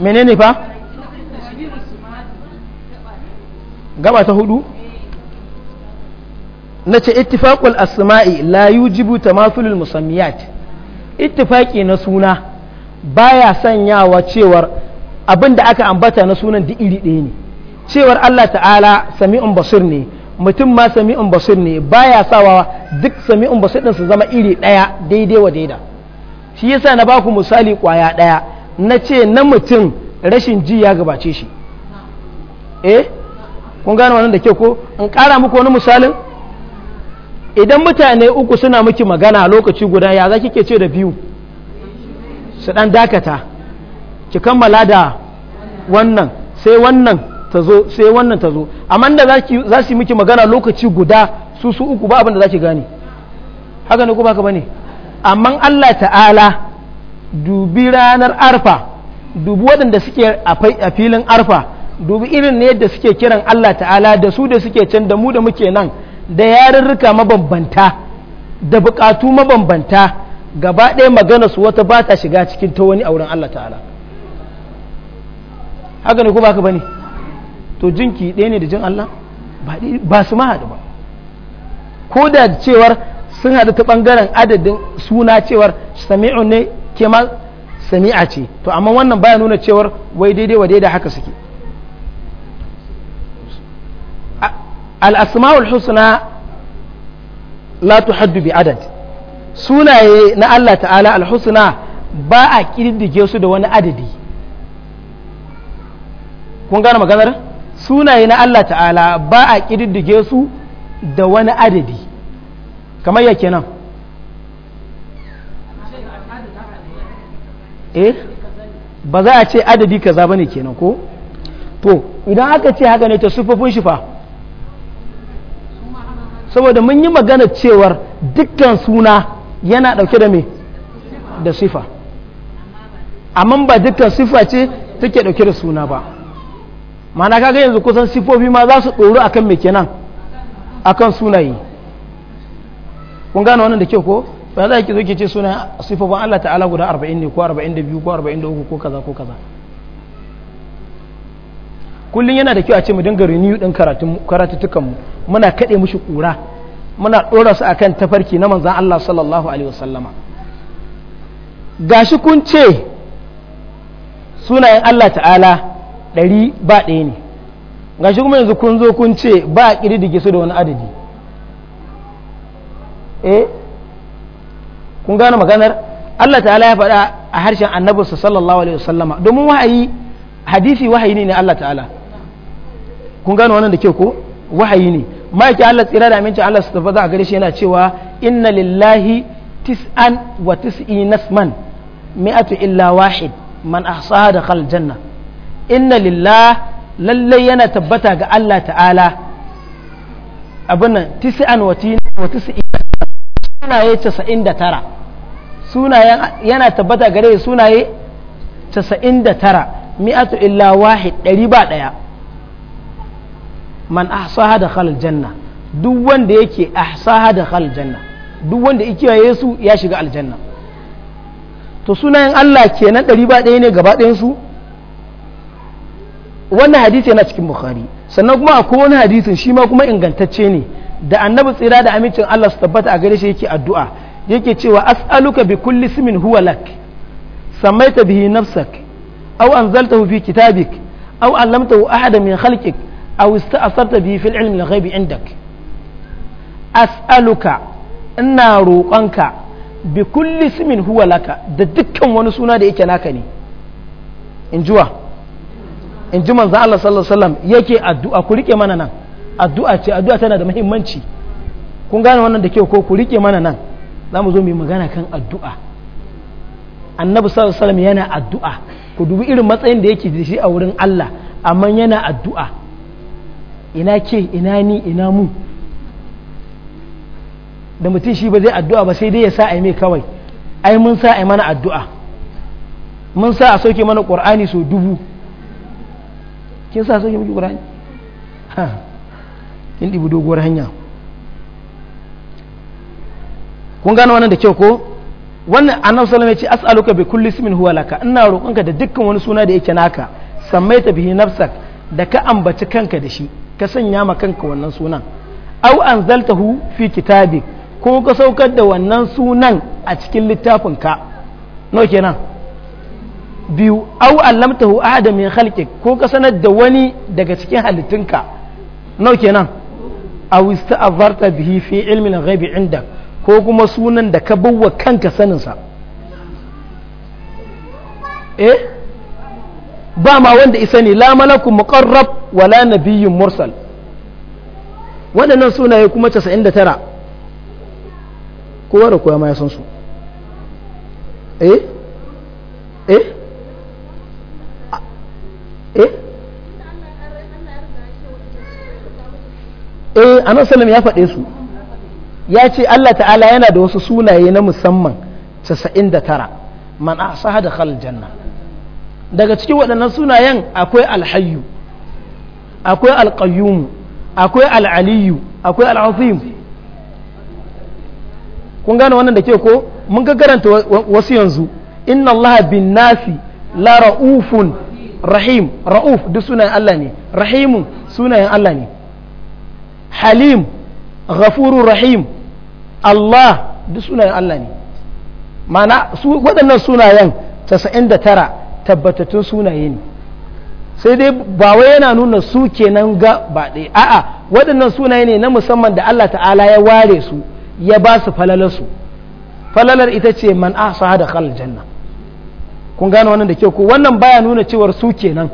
menene fa gaba ta hudu na ce ittifaqul asma'i la yujibu tamathulul musammiyat ittifaqi na suna baya sanyawa cewar abinda aka ambata na sunan duk iri ɗaya ne cewar Allah ta'ala sami'un basir ne mutum ma sami'un basir ne baya sawa duk sami'un basir din su zama iri ɗaya daidai wa daida shi yasa na baku misali kwaya ɗaya na ce na mutum rashin ji ya gabace shi eh kun gane wannan da ke ko in kara muku wani misalin idan mutane uku suna miki magana lokaci guda ya za kike ce da biyu su dan dakata ki kammala da wannan sai wannan ta zo sai wannan ta amma da za su yi miki magana lokaci guda su su uku ba abin da za ki gane haka ne ko ba bane amma Allah ta'ala dubi ranar arfa dubi waɗanda suke a filin arfa dubi irin ne yadda suke kiran Allah ta'ala da su da suke can da mu da muke nan da yarurruka mabambanta da buƙatu mabambanta gaba ɗaya magana su wata ba ta shiga cikin ta wani auren Allah ta'ala haka ne ko baka bane to jinki ɗaya ne da jin Allah ba su ma haɗu ba ko da cewar sun haɗu ta ɓangaren adadin suna cewar sami'un ne ke ma sami'a ce to amma wannan baya nuna cewar wai daidai wa daidai haka suke al-asma'ul husna la tuhaddu bi adad sunaye na Allah ta'ala al-husna ba a kididdige su da wani adadi kun gane maganar sunaye na Allah ta'ala ba a kididdige su da wani adadi kamar ya nan. eh ba za a ce adadi kaza bane kenan ko to idan aka ce haka ne ta sufofin shifa saboda mun yi magana cewar dukkan suna yana dauke da me da sifa amma ba dukkan sifa ce take dauke da suna ba mana kaga yanzu kusan sifofi ma za su ɗoro akan me kenan akan sunaye kun gane wannan da kyau ko ba za ki zo ki ce suna sifofin Allah ta'ala guda 40 ne ko 42 ko 43 ko kaza ko kaza kullum yana da kyau a ce mu dinga renew din karatun mu muna kade mushi kura muna dora su akan tafarki na manzon Allah sallallahu alaihi wasallama gashi kun ce sunayen Allah ta'ala ɗari ba ɗaya ne gashi kuma yanzu kun zo kun ce ba a ƙididdige su da wani adadi eh kun gane maganar Allah ta'ala ya faɗa a harshen annabinsa sallallahu alaihi wasallama domin wahayi hadisi wahayi ne Allah ta'ala kun gane wannan da ke ko wahayi ne ma'aikin Allah tsira da amincin Allah su tafi za a gare shi yana cewa inna lillahi tis'an wa tis'ina man mi'atu illa wahid man ahsaha da khal janna inna lillah lalle yana tabbata ga Allah ta'ala abin nan tis'an wa tis'ina sunaye 99 sunayen yana tabbata gare sunaye 99 mi'atu illa wahid ɗari ba ɗaya, man ahsaha da khalal janna duk wanda yake ahsaha da khalal janna duk wanda yake su ya shiga aljanna to sunayen Allah kenan ɗari ba ɗaya ne gaba ɗayan su wannan hadisi yana cikin bukhari sannan kuma akwai wani hadisin shi ma kuma ingantacce ne da annabi tsira da amincin Allah su tabbata a gare shi yake addu'a yake cewa as'aluka bi kulli ismin huwa lak samaita bihi nafsak aw anzaltahu fi kitabik aw allamtahu ahada min khalqik aw ista'sarta bihi fil ilmi al-ghaibi indak as'aluka ina roƙonka bi kulli ismin huwa laka da dukkan wani suna da yake naka ne in jiwa in ji manzo Allah sallallahu alaihi wasallam yake addu'a ku rike mana nan addu'a ce addu'a tana da muhimmanci kun gane wannan da kyau ko ku rike mana nan za mu zo mai magana kan addu'a annabi sallallahu alaihi yana addu'a ku dubi irin matsayin da yake da shi a wurin Allah amma yana addu'a ina ke ina ni ina mu da mutum shi ba zai addu'a ba sai dai ya sa a mai kawai ai mun sa a mana addu'a mun sa a sauke mana ƙwar'ani so dubu kin sa sauke miki ƙur'ani ha in ɗibi doguwar hanya kun gano wannan da kyau ko wannan annabi sallallahu alaihi wasallam ya ce as'aluka bi kulli ismin huwa laka ina roƙonka da dukkan wani suna da yake naka sammaita bihi nafsak da ka ambaci kanka da shi ka sanya ma kanka wannan sunan aw anzaltahu fi kitabi ko ka saukar da wannan sunan a cikin littafin ka no kenan biyu aw allamtahu ahadan min khalqik ko ka sanar da wani daga cikin halittunka no kenan awista ista'farta bihi fi ilmin ghaibi inda ko kuma sunan da ka bawa kanka saninsa eh ba ma wanda isa ne la malakun muqarrab wala nabiyyun mursal waɗannan sunaye kuma 99 kowa da kowa ma ya san su eh eh eh eh anan ya faɗe su ya ce Allah ta'ala yana da wasu sunaye na musamman 99 man ahsaha da khal janna daga cikin waɗannan sunayen akwai alhayyu akwai alqayyum akwai alaliyu akwai alazim kun gane wannan da ke ko mun ga karanta wasu yanzu inna allaha bin nasi la ra'ufun rahim ra'uf duk sunayen Allah ne rahimun sunayen Allah ne halim ghafurur rahim Allah duk sunayen Allah ne mana waɗannan sunayen 99 tabbatattun sunaye ne sai dai ba wai yana nuna su kenan ga ba ɗaya a'a waɗannan sunaye ne na musamman da Allah ta'ala ya ware su ya ba su falalarsu falalar ita ce man sa da khal janna kun gane wannan da kyau ko wannan baya nuna cewar su kenan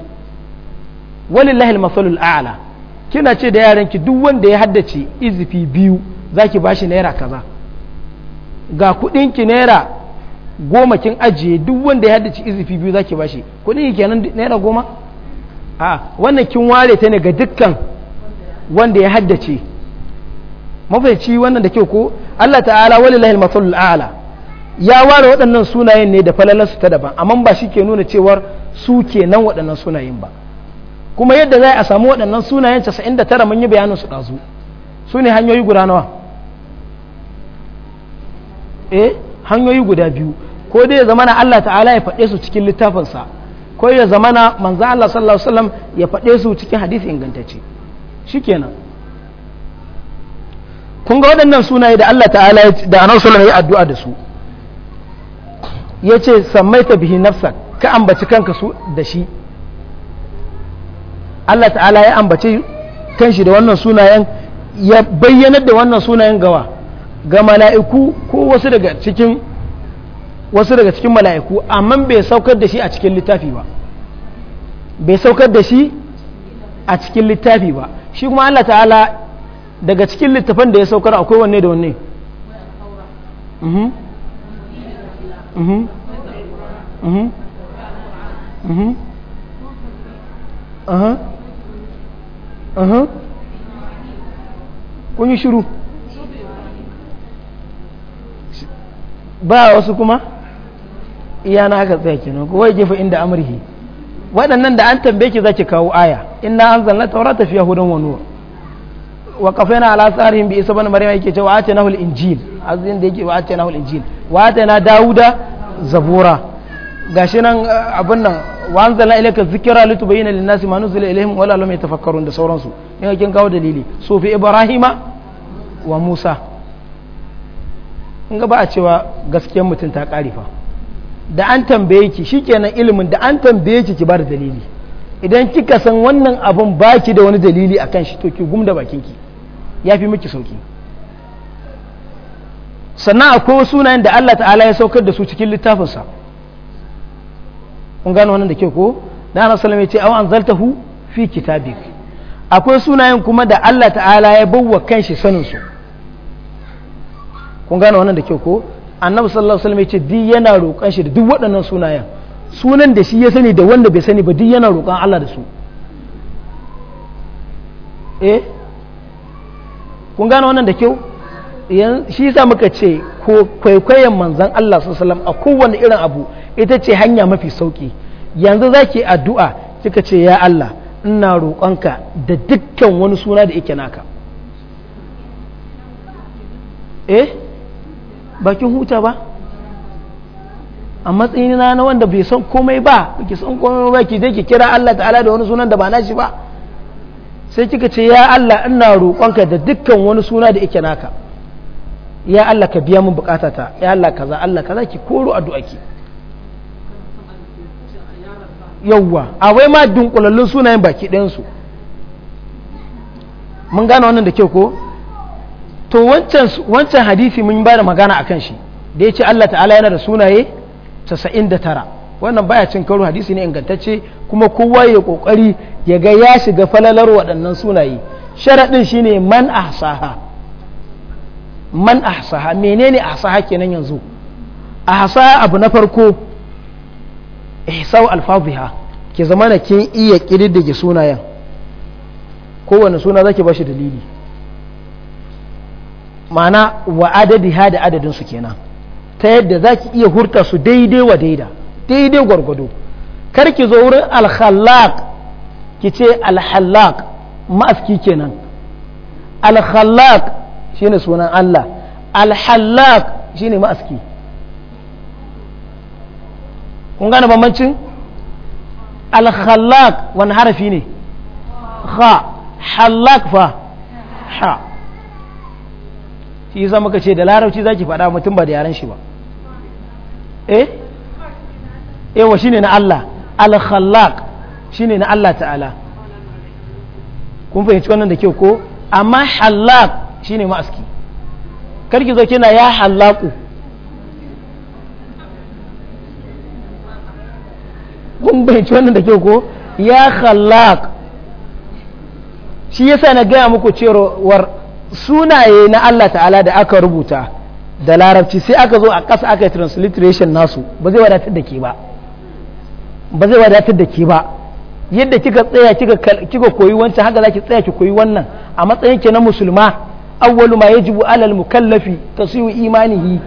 walillahi al-masalul a'la kina ce da yaranki duk wanda ya haddace izifi biyu za ki ba shi naira kaza ga ki naira goma kin ajiye duk wanda ya haddace izifi biyu za ki ba shi kudin kenan naira goma a wannan kin ware ta ne ga dukkan wanda ya haddace mafaici wannan da kyau ko Allah ta'ala walillahi al-masalul a'la ya ware waɗannan sunayen ne da falalansu ta daban amma ba shi ke nuna cewar su kenan waɗannan sunayen ba kuma yadda za a samu waɗannan sunayen 99 mun yi bayanin su ɗazu su ne hanyoyi guda nawa eh hanyoyi guda biyu ko dai ya zamana Allah ta'ala ya faɗe su cikin littafinsa ko ya zamana manzan Allah sallallahu alaihi wasallam ya faɗe su cikin hadisi ingantacce shi kenan. kun ga waɗannan sunaye da Allah ta'ala da Annabi sallallahu ya addu'a da su yace sammaita bihi nafsak ka ambaci kanka su da shi Allah ta'ala ya ambace kanshi da wannan sunayen ya bayyanar da wannan sunayen gawa ga mala'iku ko wasu daga cikin wasu daga cikin mala'iku amma bai saukar da shi a cikin littafi ba bai saukar da shi a cikin littafi ba shi kuma Allah ta'ala daga cikin littafan da ya saukar akwai wanne da wanne Uh-huh. kun yi shiru ba wasu kuma iya na aka tsaye kenan kowai jefa inda amurhi waɗannan da an tambaye ki zaki kawo aya inna an zanna taura tafiya hudun wa nur wa kafaina ala sarihim bi isa ibn maryam yake cewa ace nahul injil azin da yake wa ace nahul injil wa ace na dauda zabura gashi nan eh, abin nan wanzala anzalna ilayka dhikra litubayyana lin-nasi ma nuzila ilayhim wala lam yatafakkarun da sauransu in kin kawo dalili so fi ibrahima wa musa in ga ba a cewa gaskiyar mutum ta karifa da an tambaye ki shikenan ilimin da an tambaye ki ki bar dalili idan kika san wannan abun baki da wani dalili akan shi to ki gumda bakin ki yafi miki sauki sannan akwai sunayen da Allah ta'ala ya saukar da su cikin littafinsa kun gano wannan da ke ko na ana sallallahu ya ce an zaltahu fi kitabik akwai sunayen kuma da Allah ta'ala ya bawwa kanshi sanin su kun gano wannan da ke ko annabu sallallahu alaihi wasallam ya ce di yana roƙan shi da duk waɗannan sunayen sunan da shi ya sani da wanda bai sani ba di yana roƙon Allah da su eh kun gano wannan da kyau shi yasa muka ce ko kwaikwayon manzan Allah sallallahu alaihi wasallam a kowanne irin abu ita ce hanya mafi sauki yanzu za ki addu'a kika ce ya Allah ina roƙonka da dukkan wani suna da ike naka eh bakin huta ba a matsayin na wanda bai san komai ba ki san komai ba ki je ki kira Allah ta'ala da wani sunan da ba nashi ba sai kika ce ya Allah ina roƙonka da dukkan wani suna da ike naka ya Allah ka biya min bukatata ya Allah kaza Allah kaza ki koro addu'a ki a awai ma dunkulallun sunayen baki ɗayansu mun gane wannan da kyau ko to wancan hadisi mun ba da magana a kan shi da ya ce Allah ta'ala yana da sunaye 99 wannan baya cin karo hadisi ne ingantacce kuma kowa ya kokari ya ga ya shiga falalar waɗannan sunaye sharaɗin shine man ahsaha man ahsaha menene ahsaha kenan yanzu ahsaha abu na farko ihsau alfaziha ki na kin iya kididdige sunayen kowane suna zaki bashi dalili ma'ana wa adadi ha da adadin su kenan ta yadda zaki iya hurta su daidai wa daida daidai gwargwado kar ki zo wurin alhallaq ki ce alhallaq ma'aski kenan alhallaq shine sunan Allah alhallaq shine ma'aski kun gane bambancin alhallak wani harafi ne ha hallak fa ha shi yasa muka ce da larabci zaki faɗa mutum ba da yaren shi ba eh eh shine na Allah alhallak shine na Allah ta'ala kun fahimci wannan da kyau ko amma hallak shine ma'aski karki zo kina ya hallaku kun bayanci wannan da ke ko ya khalaq shi yasa na gaya muku cewar sunaye na Allah ta'ala da aka rubuta da larabci sai aka zo a ƙasa aka yi transliteration nasu ba zai wadatar da ke ba ba zai wadatar da ke ba yadda kika tsaya kika koyi wancan haka zaki tsaya ki koyi wannan a matsayin ki na musulma awwalu ma yajibu alal mukallafi tasihu imanihi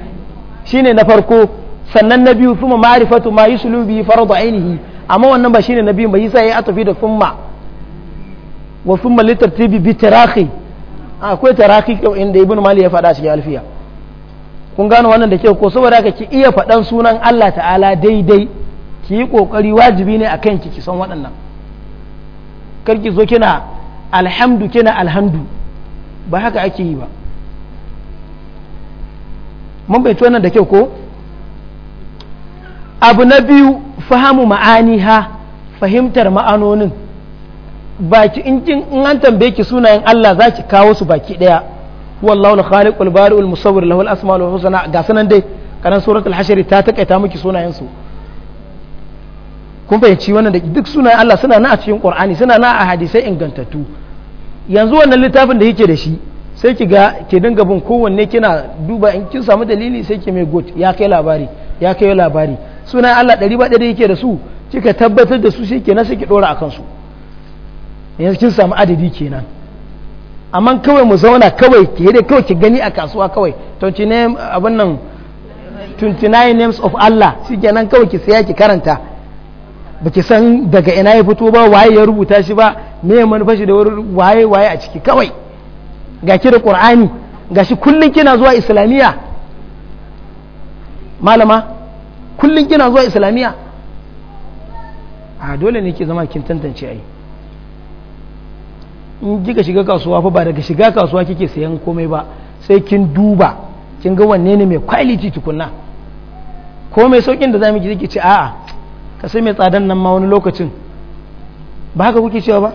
shine na farko sannan na biyu thumma ma'rifatu ma yuslu bi fardu ainihi amma wannan ba shine na biyu ba yasa yayi atafi da thumma wa thumma litartibi bi tarahi ah, akwai tarahi inda ibnu mali ya faɗa cikin alfiya kun gano wannan da kyau ko saboda haka ki iya faɗan sunan Allah ta'ala daidai ki yi kokari wajibi ne akan ki ki san waɗannan kar ki zo kina alhamdu kina alhamdu ba haka ake yi ba mun bai wannan da kyau ko abu na biyu fahimu ma'aniha fahimtar ma'anonin baki in kin in an tambaye ki sunayen Allah za ki kawo su baki daya wallahu al al-bari al musawwir asma al husna ga sanan dai karan suratul hashr ta takaita miki sunayen su kun fahimci wannan da duk sunayen Allah suna na a cikin Qur'ani suna na a hadisai ingantattu yanzu wannan littafin da yake da shi sai ki ga ki dinga bin kowanne kina duba in kin samu dalili sai ki mai good ya kai labari ya kai labari suna Allah ɗari ba ɗari yake da su cika tabbatar da su shi kenan nasa ki ɗora a kansu yanzu kin samu adadi kenan amma kawai mu zauna kawai ke da kawai ki gani a kasuwa kawai 29 abin nan 29 names of Allah shi kenan kawai ki saya ki karanta ba ki san daga ina ya fito ba waye ya rubuta shi ba me ya manufa shi da waye waye a ciki kawai ga ki da Qur'ani ga shi kullum kina zuwa Islamiyya malama kullum kina zuwa islamiyya a dole ne ke zama kin tantance ai in kika shiga kasuwa fa ba daga shiga kasuwa kike sayan komai ba sai kin duba kin ga wanne ne mai quality tukunna ko mai saukin da za mu kike ce a'a ka sai mai tsadan nan ma wani lokacin ba haka kuke cewa ba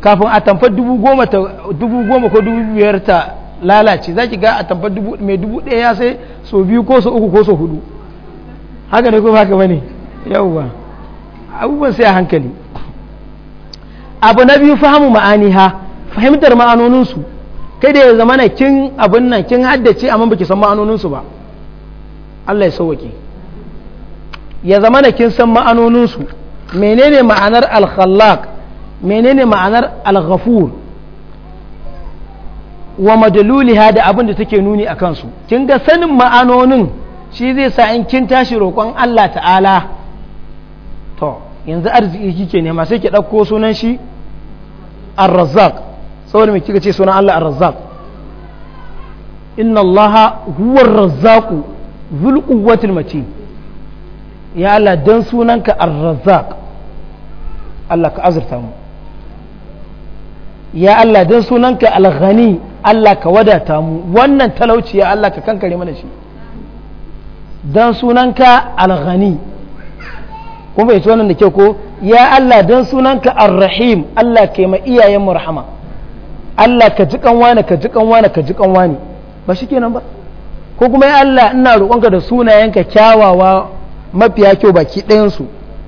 kafin a tamfar dubu goma ko dubu biyar ta lalace za ki ga a tamfar mai dubu ɗaya ya sai so biyu ko so uku ko so hudu haka ne ko haka ba ne yauwa abubuwan sai a hankali abu na biyu fahimu ma'ani ha fahimtar ma'anoninsu kai da ya zama na kin abin nan kin haddace amma baki san ma'anoninsu ba Allah ya sauwake ya zama na kin san ma'anoninsu menene ma'anar al-khallaq menene ma'anar al-ghafur wa madluliha da abin da take nuni a kansu kin ga sanin ma'anonin shi zai sa in kin tashi roƙon Allah ta'ala to yanzu arziki kike nema sai ki ɗauko sunan shi ar-razzaq saboda me kika ce sunan Allah ar-razzaq inna Allah huwa ar-razzaq dhul quwwatil matin ya Allah dan sunanka ar-razzaq Allah ka azurta mu ya Allah dan sunanka al-ghani Allah ka wadata mu wannan talauci ya Allah ka kankare mana shi dan sunanka alghani kuma bai wannan da ke ko ya Allah dan sunanka al-rahim Allah ka yi ma iyayen mu rahama Allah ka ji kanwa ka ji kanwa ka ji kanwa ne ba kenan ba ko kuma ya Allah ina roƙonka da sunayenka kyawawa mafiya kyau baki ɗayansu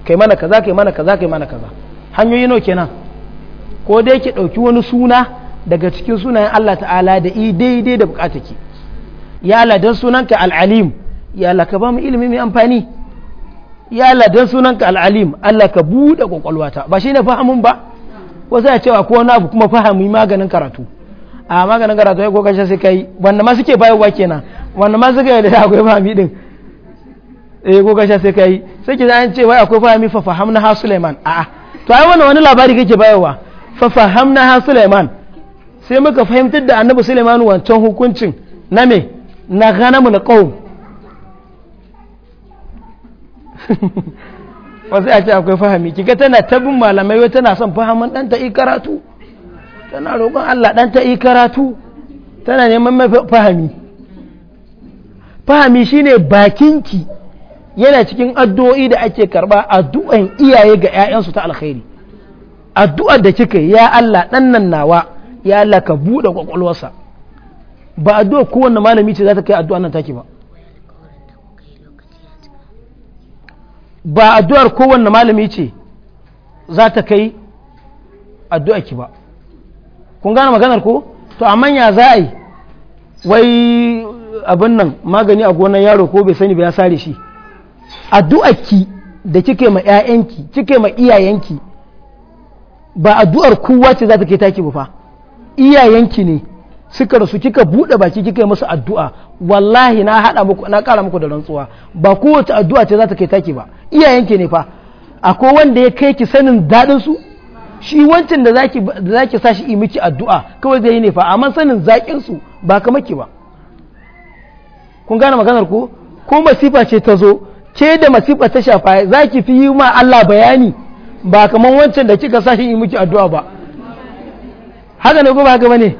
kai mana kaza kai mana kaza kai mana kaza hanyoyi nawa kenan ko dai ki ɗauki wani suna daga cikin sunayen Allah ta'ala da i daidai da bukata ki ya ladan sunanka al'alim ya laka ka ba mu ilimi mai amfani ya ladan sunanka al'alim Allah ka buɗe ƙwaƙwalwata ba shi ne fahimun ba wasu ya cewa ko na abu kuma fahimi maganin karatu a maganin karatu ya kokashe sai kai wanda ma suke bayarwa kenan wanda ma suka yi da akwai fahimi din eh kokashe sai kai sai ki an ce wai akwai fahimi fa fahamna ha Suleiman a'a to ai wannan wani labari kake bayarwa fa fahamna ha Suleiman. sai muka fahimtar da annabi Sulaiman wancan hukuncin na me na mu na ƙau wasu ake akwai fahimi kika tana tabin malamai wai tana son fahimman ɗanta yi karatu tana roƙon Allah ɗanta yi karatu tana neman fahimi fahimi shine bakinki yana cikin addu'o'i da ake karɓa addu'an iyaye ga ‘ya'yansu ta alkhairi addu'ar da kika ya Allah ɗannan nawa ya Allah ka buɗe kwakwalwarsa ba addu'a kowanne malami ce za ta kai addu'a nan take ba ba addu'ar kowanne malami ce za ta kai addu'a ki ba kun gane maganar ko to amma ya za a yi wai abin nan magani a gonar yaro ko bai sani ba ya sare shi addu'a ki da kike ma 'ya'yanki kike ma iyayenki ba addu'ar kowa ce za ta kai taki ba fa iyayenki ne suka rasu kika buɗe baki kika yi musu addu'a wallahi na haɗa muku na ƙara muku da rantsuwa ba kowace addu'a ce za ta kai taki ba iyayenki ne fa akwai wanda ya kai ki sanin daɗin su shi wancan da zaki da zaki sa shi miki addu'a kawai zai yi ne fa amma sanin zakin su ba kamar ki ba kun gane maganar ko ko masifa ce ta zo ke da masifa ta shafa zaki fi yi ma Allah bayani ba kamar wancan da kika sa shi miki addu'a ba haka ne ko gaba ne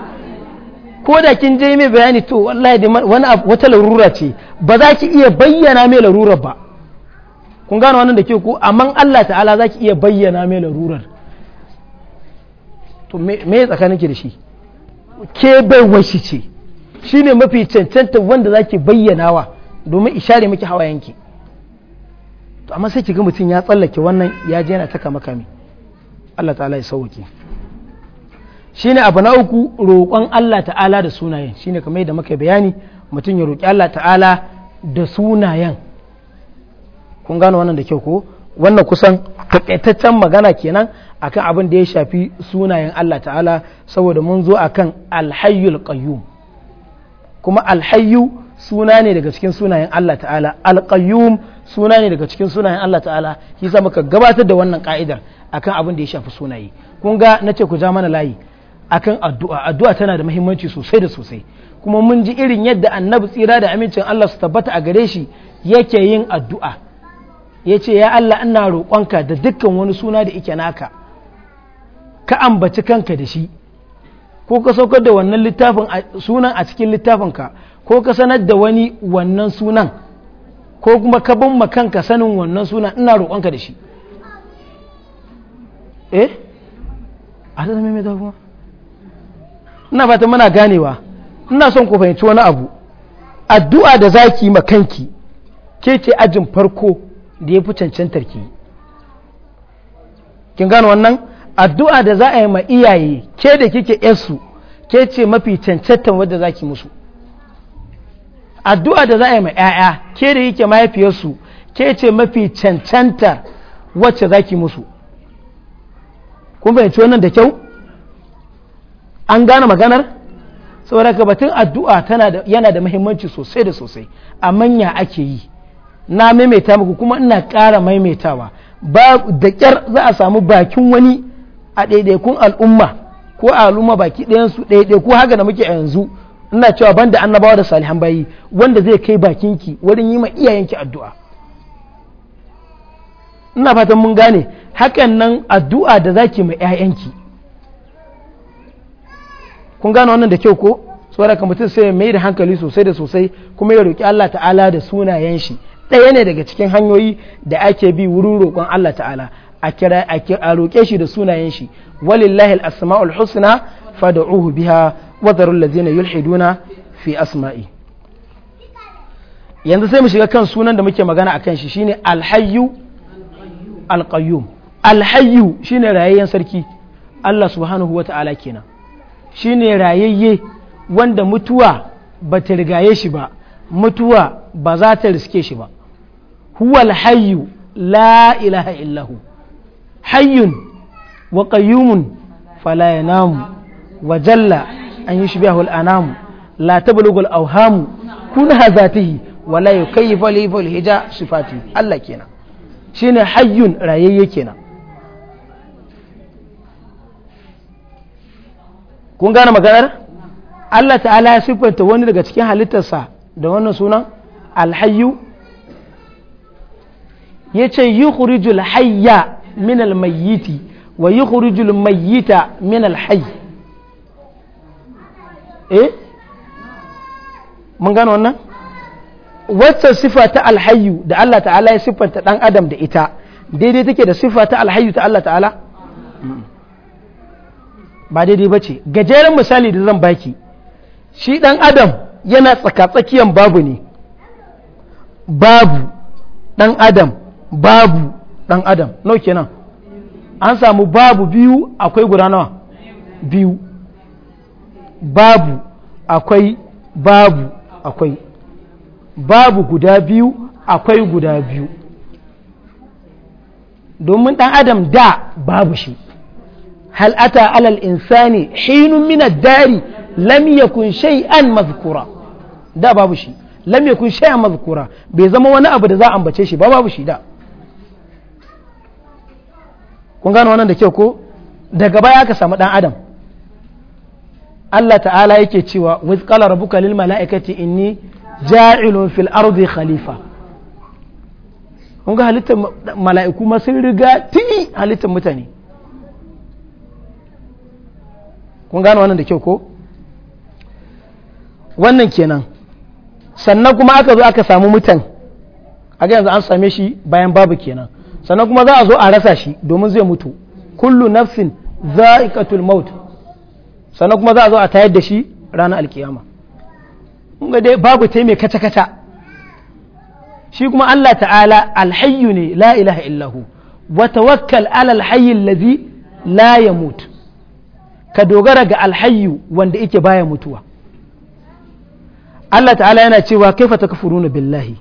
ko da kin je mai bayani to wallahi wani wata larura ce ba za ki iya bayyana mai larurar ba kun gano wannan da ke ku amma Allah ta'ala za ki iya bayyana mai larurar to me tsakanin ki da shi ke bai wasi ce shine mafi cancanta wanda za ki bayyanawa domin ishare miki hawayenki to amma sai ki ga mutum ya tsallake wannan ya je yana ta kama Allah ta'ala ya sauke shine abu na uku roƙon Allah ta'ala da sunayen shine kamar yadda muka bayani mutum ya roƙi Allah ta'ala da sunayen kun gano wannan da kyau ko wannan kusan takaitaccen magana kenan akan abin da ya shafi sunayen Allah ta'ala saboda mun zo akan alhayyul qayyum kuma alhayyu suna ne daga cikin sunayen Allah ta'ala alqayyum suna ne daga cikin sunayen Allah ta'ala shi muka gabatar da wannan ka'idar akan abin da ya shafi sunaye kun ga nace ku ja mana layi akan addu'a addu'a tana da muhimmanci sosai da sosai kuma mun ji irin yadda annabi tsira da amincin Allah su tabbata a gare shi yake yin addu'a yace ya Allah ina roƙonka da dukkan wani suna da yake naka ka ambaci kanka da shi ko ka saukar da wannan littafin sunan a cikin littafinka ko ka sanar da wani wannan sunan ko kuma ka bin kanka sanin wannan sunan ina roƙonka da shi eh a da me kuma ina fata muna ganewa ina son ku fahimci wani abu addu'a da zaki makanki ke ce ajin farko da ya fi cancantar ki kin gano wannan addu'a da za a yi ma iyaye ke da kike yansu ke ce mafi cancantar wadda zaki musu addu'a da za a yi ma 'ya'ya ke da kike mahaifiyarsu ke ce mafi cancantar wacce zaki musu kun fahimci wannan da kyau an gane maganar saboda batun addu'a tana yana da mahimmanci sosai da sosai a manya ake yi na maimaita muku kuma ina ƙara maimaitawa ba da ƙyar za a samu bakin wani a ɗaiɗaikun al'umma ko a al'umma baki ɗayansu ɗaiɗaiku haka da muke yanzu ina cewa banda annabawa da salihan bayi wanda zai kai bakinki wurin yi ma iyayenki addu'a ina fatan mun gane hakan nan addu'a da zaki ma 'ya'yanki kun gane wannan da kyau ko saboda ka mutum sai mai da hankali sosai da sosai kuma ya roki Allah ta'ala da sunayen shi ɗaya ne daga cikin hanyoyi da ake bi wurin roƙon Allah ta'ala a kira a roƙe shi da sunayen shi walillahi al-asma'ul husna fad'uhu biha wa dharul ladzina yulhiduna fi asma'i yanzu sai mu shiga kan sunan da muke magana akan shi shine al-qayyum al alhayyu shine rayayyen sarki Allah subhanahu wa ta'ala kenan shine rayayye wanda mutuwa ba ta rigaye shi ba mutuwa ba za ta riske shi ba huwal hayyu la ilaha illahu hayyun wa qayyumun fala yanamu wa jalla an yushbihu al-anamu la tablughu al kun hazatihi wala yukayyifu li hija sifati Allah kenan shine hayyun rayayye kenan kun gane maganar Allah ta'ala ya siffanta wani daga cikin halittarsa da wannan sunan alhayyu ya ce yukhrijul hayya min almayyiti wa yi yukhrijul mayyita min alhayy eh mun gane wannan wacce sifa ta alhayyu da Allah ta'ala ya siffanta dan adam da ita daidai take da sifa ta alhayyu ta Allah ta'ala mm. ba daidai ba ce gajeren misali da zan baki shi ɗan adam yana tsakatsakiyan babu ne babu ɗan adam babu ɗan adam nau kenan an samu babu biyu akwai guda nawa biyu babu akwai babu akwai babu guda biyu akwai guda biyu domin ɗan adam da babu shi hal ata alal insani hinun min ad-dari lam yakun shay'an mazkura da babu shi lam yakun shay'an mazkura bai zama wani abu da za a ambace shi ba babu shi da kun gano wannan da kyau ko daga baya ka samu dan adam Allah ta'ala yake cewa with qala rabbuka lil mala'ikati inni ja'ilun fil ardi khalifa kun halittar mala'iku ma sun riga tuni halittar mutane kun gane wannan da kyau ko wannan kenan sannan kuma aka zo aka samu mutan a yanzu an same shi bayan babu kenan sannan kuma za a zo a rasa shi domin zai mutu kullu nafsin za'iqatul maut sannan kuma za a zo a tayar da shi ranar alkiyama kuma dai babu tai mai kata kata shi kuma Allah ta'ala alhayyu ne la ilaha illahu wa tawakkal ala alhayyi allazi la yamut ka dogara ga alhayyu wanda yake baya mutuwa Allah ta'ala yana cewa kaifa takfuruna billahi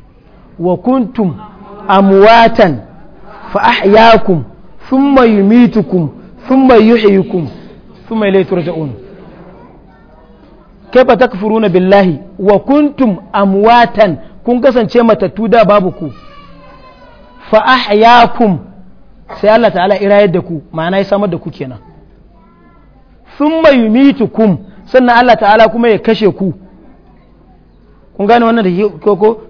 wa kuntum amwatan fa ahyaakum thumma yumitukum thumma yuhyikum thumma ilayhi turja'un kaifa takfuruna billahi wa kuntum amwatan kun kasance matattu da babu ku fa ahyaakum sai Allah ta'ala irayar da ku ma'ana ya samar da ku kenan Sun thumma kum sannan Allah ta'ala kuma ya kashe ku kun gane wannan da koko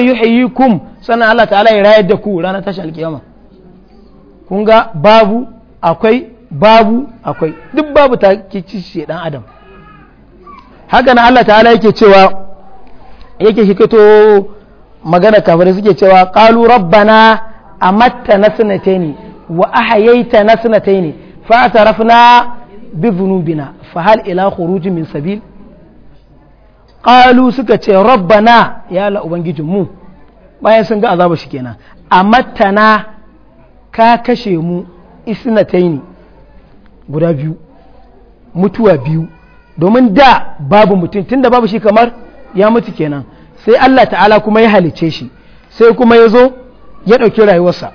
yi kum sannan Allah ta'ala ya rayar da ku ranar tashi alkiyama kun ga babu akwai babu akwai duk babu ta kici shi dan adam haka na Allah ta'ala yake cewa yake hikato magana kafin suke cewa qalu rabbana amatta nasnataini wa ahayaita nasnataini fa atarafna بذنوبنا فهل إلى خروج من سبيل قالوا سكتي ربنا يا لا أبنجمو bayan sun ga azaba shi kenan a matana ka kashe mu isnataini guda biyu mutuwa biyu domin da babu mutum tunda babu shi kamar ya mutu kenan sai Allah ta'ala kuma ya halice shi sai kuma ya zo ya ɗauki rayuwarsa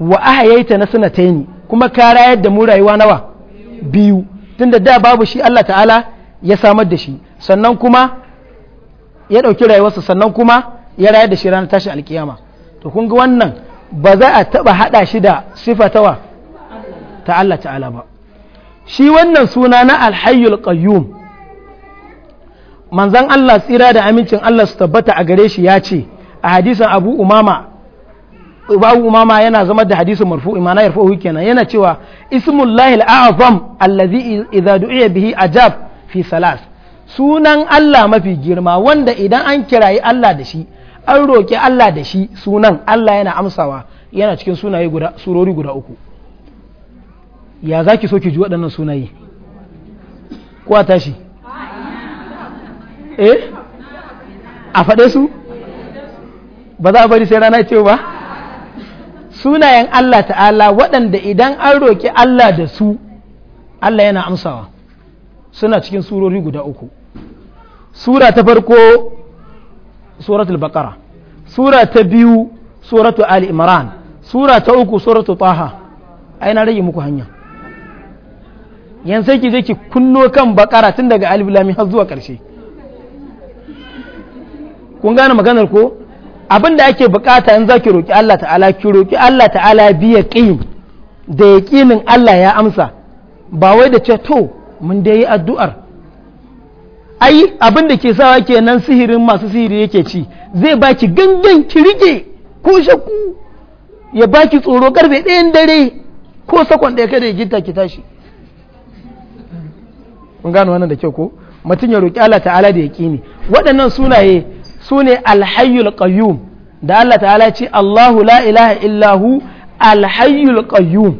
wa ahayaita na sanataini kuma ka rayar da mu rayuwa nawa biyu tunda da babu shi Allah ta'ala ya samar da shi sannan kuma ya ɗauki rayuwarsa sannan kuma ya rayar da shi ranar tashin alkiyama to kun ga wannan ba za a taɓa haɗa shi da sifatawa ta Allah ta'ala ba shi wannan suna na alhayyul qayyum manzan Allah tsira da amincin Allah su tabbata a gare shi ya ce a hadisan abu umama babu umama yana zama da hadisin marfu imana yarfuhu kenan yana cewa lahil azam allazi idza du'iya bihi ajab fi salas sunan Allah mafi girma wanda idan an kirayi Allah da shi an roki Allah da shi sunan Allah yana amsawa yana cikin sunaye guda surori guda uku ya zaki so ki ji waɗannan sunaye ko a tashi eh a faɗe su ba za a bari sai rana ce ba sunayen Allah ta'ala waɗanda idan an roƙi Allah da su Allah yana amsawa suna cikin surori guda uku sura ta farko suratul baqara sura ta biyu suratul ali imran sura ta uku suratul taha ai na rage muku hanya yanzu ki je ki kunno kan bakara tun daga alif lam har zuwa ƙarshe kun gane maganar ko abin da ake bukata in za ki roƙi Allah ta'ala ki roƙi Allah ta'ala biya ƙin da ya ƙinin Allah ya amsa ba wai da ce to mun dai yi addu'ar ai abin da ke sawa kenan sihirin masu sihiri yake ci zai ba ki gangan ki rike ko shakku ya ba ki tsoro karfe ɗayan dare ko sakon ɗaya kada ya gita ki tashi kun gano wannan da kyau ko mutum ya roƙi Allah ta'ala da ya yaqini waɗannan sunaye su ne alhayyul qayyum da Allah ta'ala ce Allahu la ilaha illahu alhayyul qayyum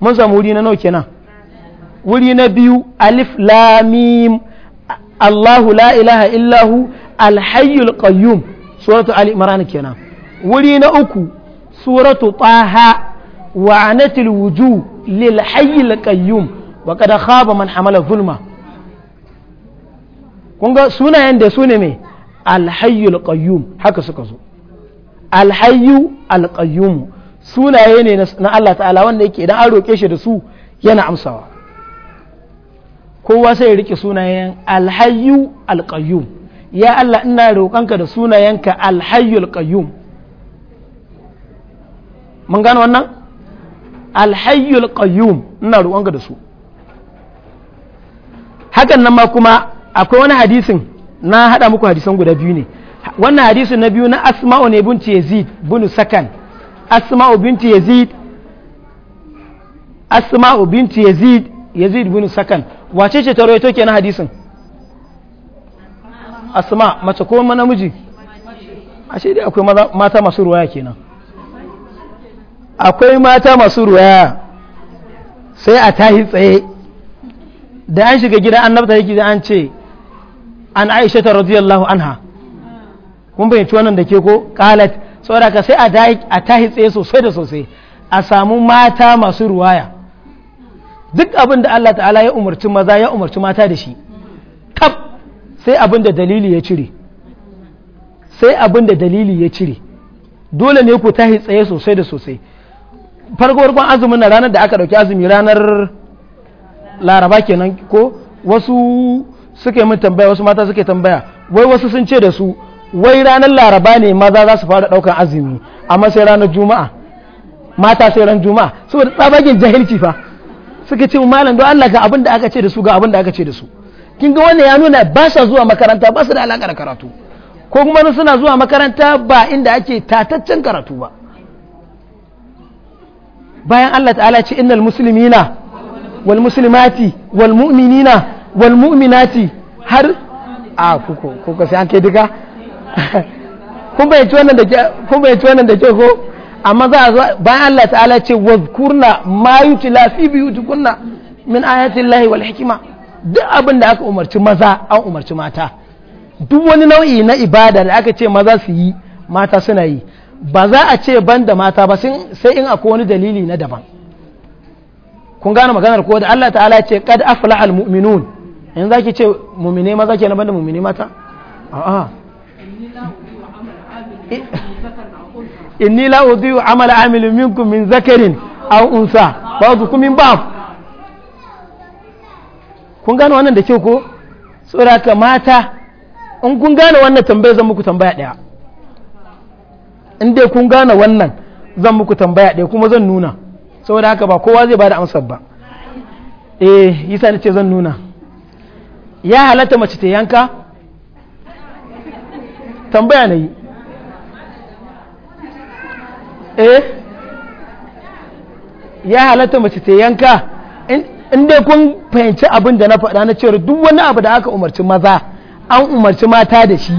mun samu wuri na nawa kenan wuri na biyu alif lamim Allahu la ilaha illahu alhayyul qayyum suratu ali imran kenan wuri na uku suratu taha wa anatil wujuh lil hayyil qayyum wa kada khaba man hamala zulma kun ga sunayen da su ne mai Alhayu alqayyum haka suka zo alhayyu alqayyum sunaye ne na Allah ta'ala wanda yake idan an roke shi da su yana amsawa kowa sai ya rike sunayen alhayyu alqayyum ya Allah ina roƙanka da sunayenka alhayu alqayyum mun gano wannan alhayu alqayyum ina roƙanka da su hakan nan ma kuma akwai wani hadisin na haɗa muku hadisan guda biyu ne wannan hadisin na biyu na asma'u ne binti yazid bin sakan asma'u binti yazid asma'u binti yazid yazid bin sakan wace ce ta rawaito kenan hadisin asma mace ko namiji ashe dai akwai mata masu ruwaya kenan akwai mata masu ruwaya sai a tahi tsaye da an shiga gida an yake da an ce an aisha ta radiyallahu anha kun bayyanci wannan da ke ko kalat saboda sai a tahi tsaye sosai da sosai a samu mata masu ruwaya duk abin da Allah ta'ala ya umarci maza ya umarci mata da shi kaf sai abin da dalili ya cire sai abin da dalili ya cire dole ne ku tahi tsaye sosai da sosai farko farkon azumin na ranar da aka dauki azumi ranar laraba kenan ko wasu suke min tambaya wasu mata suke tambaya wai wasu sun ce da su wai ranar laraba ne maza za su fara daukan azumi amma sai ranar juma'a mata sai ran juma'a saboda tsabagen jahilci fa suke ce malam don Allah ga abin da aka ce da su ga abin da aka ce da su kin ga wannan ya nuna ba sa zuwa makaranta ba su da alaka da karatu ko kuma suna zuwa makaranta ba inda ake tataccen karatu ba bayan Allah ta'ala ce innal muslimina wal muslimati wal mu'minina wal mu'minati har a kuku sai an kai duka kun bayyaci wannan da ke ko amma za a zo bayan Allah ta'ala ce wazkurna ma yutla fi buyutikunna min ayati llahi wal hikma duk abin da aka umarci maza an umarci mata duk wani nau'i na ibada da aka ce maza su yi mata suna yi ba za a ce ban da mata ba sai in akwai wani dalili na daban kun gane maganar ko da Allah ta'ala ce qad aflaha almu'minun in za ki ce mummine maza ke na da mummine mata a'a inni yi wa amala amilin minku min zakarin aw unsa ba'dukum min ba. kun gane wannan da kyau ko tsoraka mata in kun gane wannan tambaya zan muku tambaya daya inda kun gane wannan zan muku tambaya daya kuma zan nuna saboda haka ba kowa zai bada amsar ba eh ni ce zan nuna ya halatta mace ta yanka tambaya na yi eh ya halatta mace ta yanka in dai kun fahimci abin da na faɗa na cewar duk wani abu da aka umarci maza an umarci mata da shi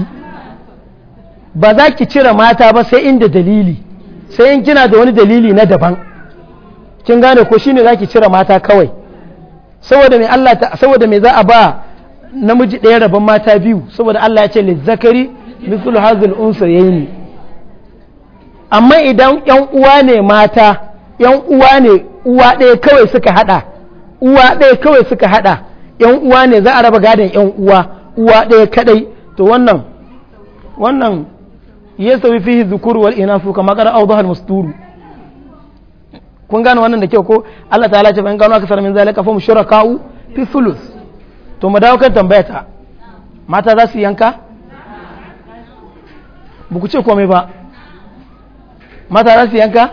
ba za ki cire mata ba sai inda dalili sai in kina da wani dalili na daban kin gane ko shine za ki cire mata kawai saboda Allah saboda mai za a ba namiji ɗaya rabon mata biyu saboda Allah ya ce zakari mithlu hazil unsa ne amma idan yan uwa ne mata yan uwa ne uwa ɗaya kawai suka hada uwa ɗaya kawai suka hada yan uwa ne za a raba gadon yan uwa uwa ɗaya kadai to wannan wannan yasawi fihi zukuru wal inafu kama qara awdaha al musturu kun gano wannan da kyau ko Allah ta'ala ce ban gano aka sanar min zalika fa mushraka'u fi thuluth to mu dawo kan tambayata mata za su yanka ba ku ce komai ba mata za su yanka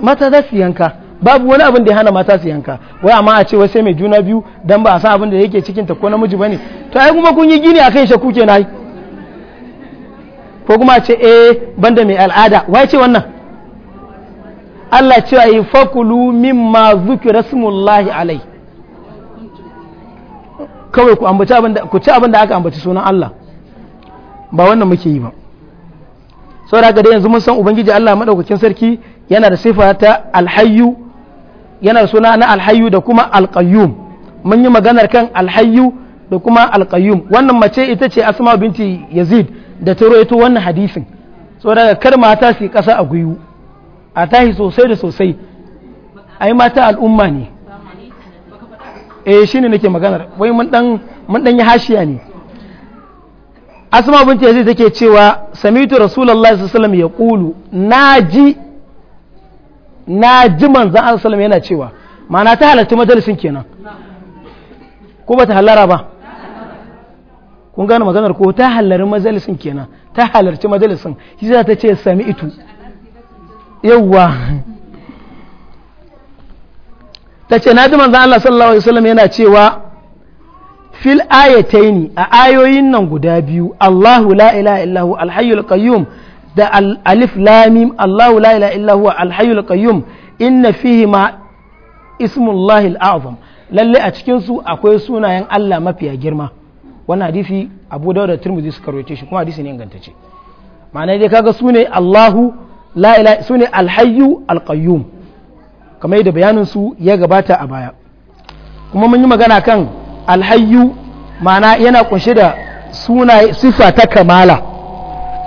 mata za su yanka babu wani abin da ya hana mata su yanka wai amma a ce sai mai juna biyu dan ba a san abin da yake cikin ta ko namiji bane to ai kuma kun yi gini akan shakku kenan ko kuma a ce eh banda mai al'ada wai ce wannan Allah ce yi fakulu mimma zukira smullahi alai kawai ku ci abin da aka ambaci sunan Allah ba wannan muke yi ba saboda haka dai yanzu mun san ubangiji Allah madaukakin sarki yana da sifa ta alhayyu yana da suna na alhayyu da kuma alqayyum mun yi maganar kan alhayyu da kuma alqayyum wannan mace ita ce asma binti yazid da ta rawaito wannan hadisin saboda kar mata su kasa a guyu a tahi sosai da sosai ai mata al'umma ne eh ne nake maganar wai mun dan yi hashiya ne asma binti yazid take cewa samitu rasulullahi sallallahu ya kulu naji naji manzon Allah sallallahu yana cewa ma'ana ta halarci majalisin kenan ko ba ta hallara ba kun gane maganar ko ta hallari majalisin kenan ta halarci majalisin shi za ta ce sami'tu yawwa ta ce na ji manzan Allah sallallahu alaihi wasallam yana cewa fil ayataini a ayoyin nan guda biyu Allahu la ilaha illahu alhayyul qayyum da alif lamim Allahu la ilaha illahu alhayyul qayyum inna fihi ma ismullahi al'azam lalle a cikin su akwai sunayen Allah mafiya girma wannan hadisi Abu Dawud da Tirmidhi suka rawaito shi kuma hadisi ne ingantacce ma'ana dai kaga sune Allahu la ilaha sune alhayyu alqayyum kamar yadda bayanin su ya gabata a baya kuma mun yi magana kan alhayyu ma'ana yana kunshe da suna sifa ta kamala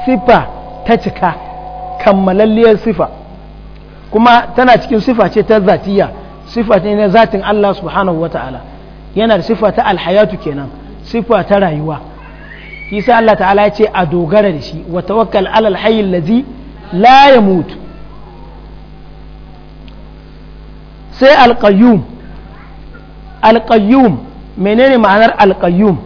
sifa ta cika kammalalliyar sifa kuma tana cikin sifa ce ta zatiya sifa ce na zatin Allah subhanahu wa yana da sifa ta alhayatu kenan sifa ta rayuwa kisa Allah ta'ala ya ce a dogara da shi wa tawakkal alal hayy allazi la yamut sai alƙayyum alƙayyum menene ma'anar alƙayyum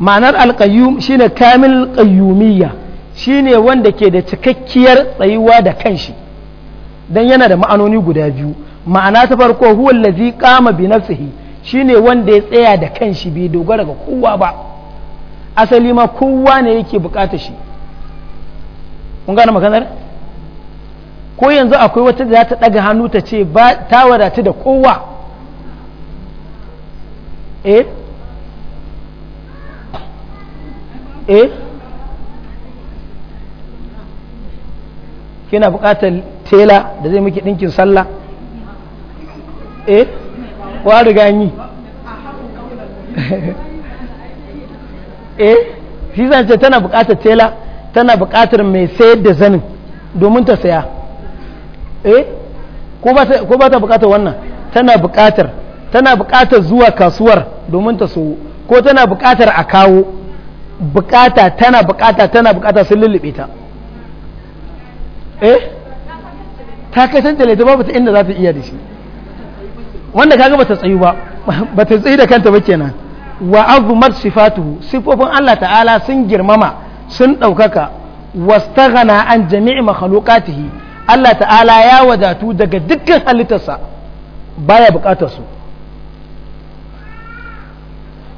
ma'anar alƙayyum shine kamil ƙayyumiyya shine wanda ke da cikakkiyar tsayuwa da kanshi don yana da ma'anoni guda biyu ma'ana ta farko huwan allazi kama bi shi shine wanda ya tsaya da kanshi bai dogara ga kowa ba asali ma kowa ne yake bukata shi kun gane maganar ko yanzu akwai wata da ta ɗaga hannu ta ce ba ta wadatu da kowa eh eh kina buƙatar tela da zai miki ɗinkin sallah eh wa riga yi eh shi zance tana buƙatar tela tana buƙatar mai sayar da zanin domin ta saya Eh? ko ba ta bukatar wannan tana bukatar tana bukatar zuwa kasuwar domin ta sowo ko tana bukatar a kawo bukata tana bukata tana bukata sun lullube ta eh ta kasance laita babu ta inda za ta iya da shi wanda kaga bata tsayu ba bata tsayi da kanta ba kenan wa azumat sifatuhu sifofin Allah ta'ala sun girmama sun daukaka wastaghana an jami'i makhluqatihi Allah ta'ala ya wadatu daga dukkan halittarsa baya bukatar su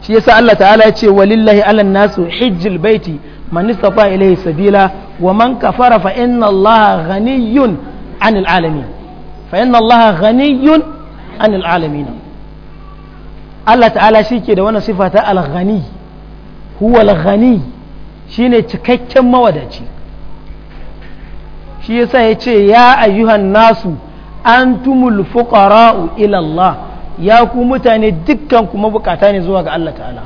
shi yasa Allah ta'ala ya ce walillahi alan nasu hijjil baiti man istata ilayhi sabila wa man kafara fa inna Allah ghaniyyun anil alamin fa inna Allah ghaniyyun anil alamin Allah ta'ala shi ke da wannan sifa ta al-ghani huwa al-ghani shine cikakken mawadaci shi yasa ya ce ya ayyuhan nasu antumul fuqara'u ila Allah ya ku mutane dukkan kuma bukata ne zuwa ga Allah ta'ala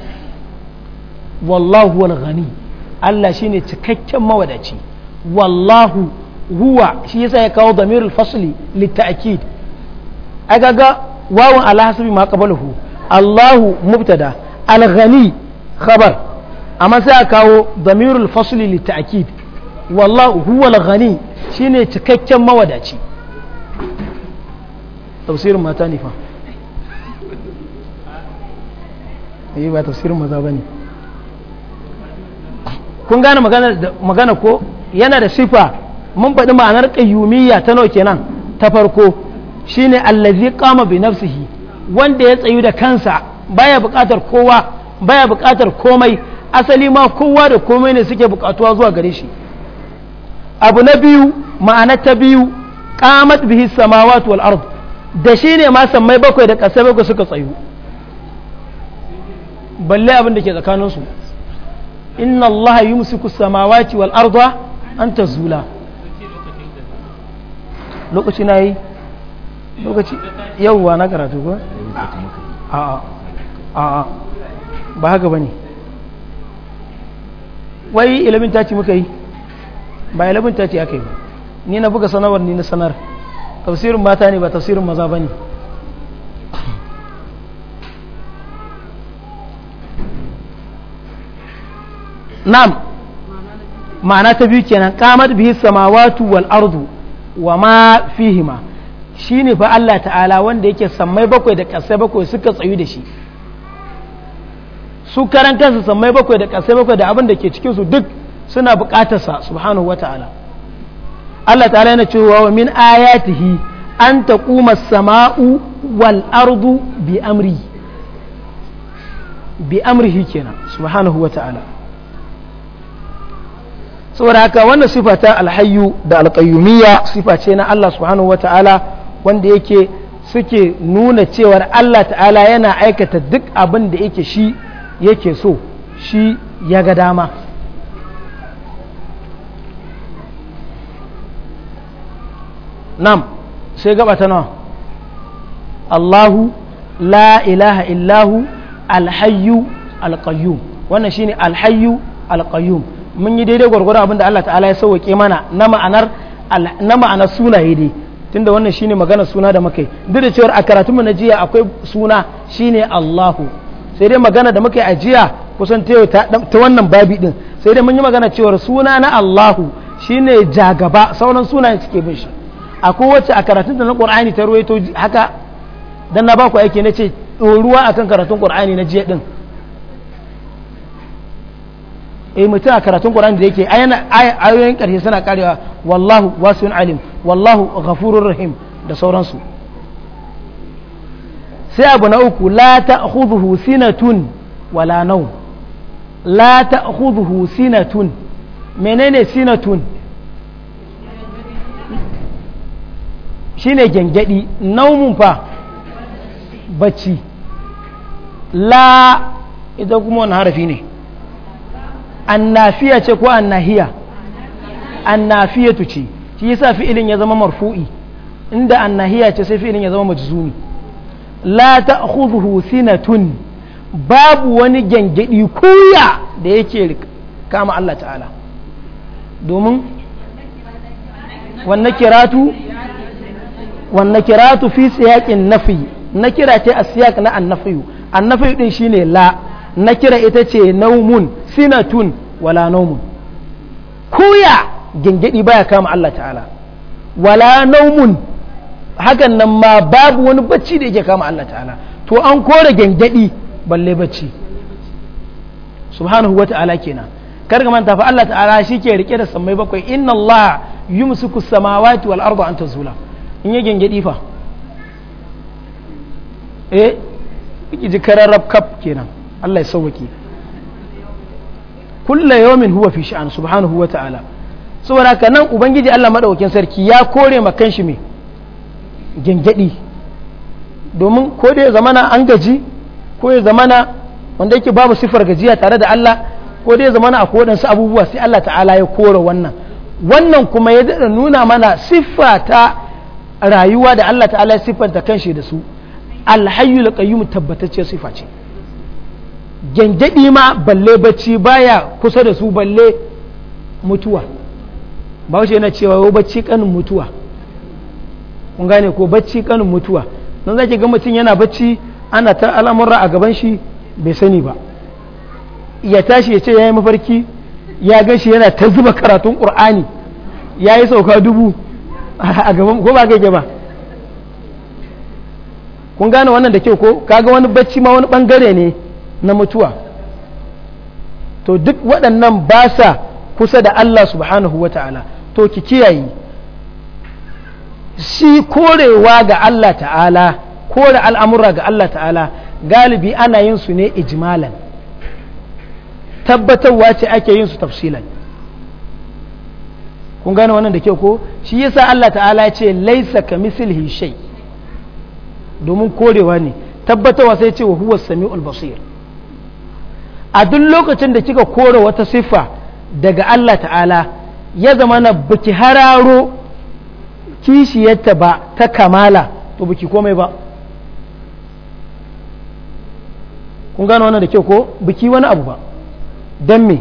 wallahu wal ghani Allah shine cikakken mawadaci wallahu huwa shi yasa ya kawo damirul fasli litta'kid agaga wawan ala hasbi ma qabalahu Allahu mubtada al ghani khabar amma sai ya kawo damirul fasli litta'kid wallahu huwal ghani shine cikakken mawadaci tafsirin mata ne fa eh ba tafsirin maza bane kun gane magana magana ko yana da sifa mun faɗi ma'anar qayyumiyya ta nawa kenan ta farko shine allazi qama bi nafsihi wanda ya tsayu da kansa baya buƙatar kowa baya buƙatar komai asali ma kowa da komai ne suke buƙatuwa zuwa gare shi abu na biyu ma'ana ta biyu qamat bihi samawati wal ard da shi ne ma sammai bakwai da ƙasai bakwai suka tsayu balle abin da ke tsakaninsu inna Allah yi samawati wal arda an ta zula lokaci na yi lokaci yauwa na karatu ko? a a ba haka wai ilimin ta ci muka yi ba ce aka yi ba ni na buga sanawar ni na sanar tafsirin mata ne ba tafsirin maza ba ne nam ma'ana ta biyu kenan kamar bihi samawatu wal ardu wa ma fihima shine fa Allah ta'ala wanda yake sammai bakwai da kasai bakwai suka tsayu da shi su karan kansu sammai bakwai da kasai bakwai da abin da ke cikin su duk suna buƙatarsa subhanahu wa ta'ala Allah ta'ala yana cewa wa min ayatihi an kuma samau wal ardu bi amri bi amrihi kenan subhanahu wa ta'ala saboda haka wannan sifa ta alhayyu da alqayyumiyya sifa ce na Allah subhanahu wa ta'ala wanda yake suke nuna cewar Allah ta'ala yana aikata duk abin da yake shi yake so shi ya ga dama nam sai gaba ta nawa Allahu la ilaha illahu alhayyu alqayyum wannan shine alhayyu alqayyum mun yi daidai gwargwaron abinda Allah ta'ala ya sauke mana na ma'anar na ma'anar sunaye dai tunda wannan shine magana suna da muka yi duk da cewa a karatun mu na jiya akwai suna shine Allahu sai dai magana da muka yi a jiya kusan ta wannan babi din sai dai mun yi magana cewa suna na Allahu shine jagaba sauran suna suke bin shi akwai wacce a karatun da na qur'ani ta ruwaito haka don na baku aiki na ce ruwa akan karatun qur'ani na jiya din e eh, mutum a karatun qur'ani da yake ayoyin karshe suna karewa wallahu wasiun alim wallahu ghafurur rahim da sauransu sai abu na uku la ta'khudhuhu tun wala nawm la ta'khudhuhu tun menene sinatun shine gengedi naumun fa bacci la ita kuma wani harafi ne annafiya ce ko annahiya annafiyatu ce shi sa fi'ilin ya zama marfu'i inda annahiya ce sai fi'ilin ya zama majzumi la ta'khudhuhu sinatun babu wani gengedi kuya da yake kama Allah ta'ala domin wannan kiratu wanne kiratu fi siyaƙin nafi na kira ce a siyak na annafiyu annafiyu din shine la na kira ita ce naumun sinatun wala naumun kuya gingidi baya kama Allah ta'ala wala naumun hakan nan ma babu wani bacci da yake kama Allah ta'ala to an kore gingidi balle bacci subhanahu wa kenan kar ka manta fa Allah ta'ala shi ke rike da sammai bakwai inna Allah yumsiku samawati wal arda an tazula in yi gyangyaɗi fa eh iki ji rab kap kenan Allah ya sauwaki kulla yawmin huwa fi sha'an subhanahu wa ta'ala saboda haka nan ubangiji Allah madaukakin sarki ya kore ma shi me gyangyaɗi domin ko da zamana an gaji ko ya zamana wanda yake babu siffar gajiya tare da Allah ko da ya zamana a kodansu abubuwa sai Allah ta'ala ya kore wannan wannan kuma ya daɗa nuna mana siffa ta rayuwa da Allah ta'ala ya siffanta kanshi da su alhayyul qayyum tabbatacce sifa ce gyangyadi ma balle bacci baya kusa da su balle mutuwa ba wace yana cewa yau bacci kanin mutuwa kun gane ko bacci kanin mutuwa don zaki ga mutum yana bacci ana ta al'amurra a gaban shi bai sani ba ya tashi ya ce ya yi mafarki ya gan yana ta zuba karatun ƙur'ani ya yi sauka dubu a gaban ko ba gaje ba kun gane wannan da kyau ko kaga wani bacci ma wani bangare ne na mutuwa to duk waɗannan ba sa kusa da Allah subhanahu wa ta'ala to ki kiyaye shi korewa ga Allah ta'ala kore al'amura ga Allah ta'ala galibi ana yin su ne ijimalan tabbatarwa ce ake yin su tafsilan kun gane wannan da kyau ko shi yasa Allah ta'ala ya ce laisa ka mislihi shay domin korewa ne tabbatawa sai ce wa huwa samiul basir a duk lokacin da kika kore wata siffa daga Allah ta'ala ya zama na buki hararo kishiyarta ba ta kamala to buki komai ba kun gano wannan da kyau ko biki wani abu ba don me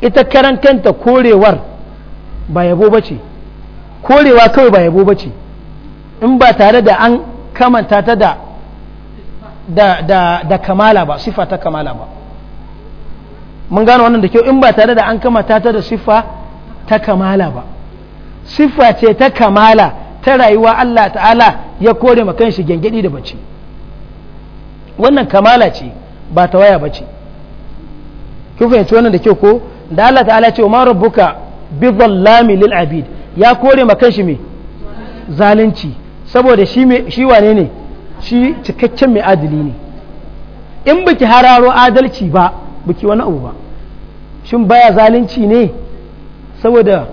ita karan kanta korewar ba yabo ba ce korewa kawai ba yabo ba ce in ba tare da an kamanta ta da da, da, da kamala ba sifa ta kamala ba mun gano wannan da kyau in ba tare da an kamata ta da sifa ta kamala ba sifa ce ta kamala ta rayuwa Allah ta'ala ya kore ma kanshi gengedi da bace wannan kamala ce ba ta waya bace kin fahimci wannan da kyau ko da Allah ta'ala ce wa ma rabbuka bizallami dhallami lil ya kore ma kanshi me zalunci saboda shi me shi wane ne shi cikakken mai adali ne in biki hararo adalci ba biki wani abu ba shin baya zalunci ne saboda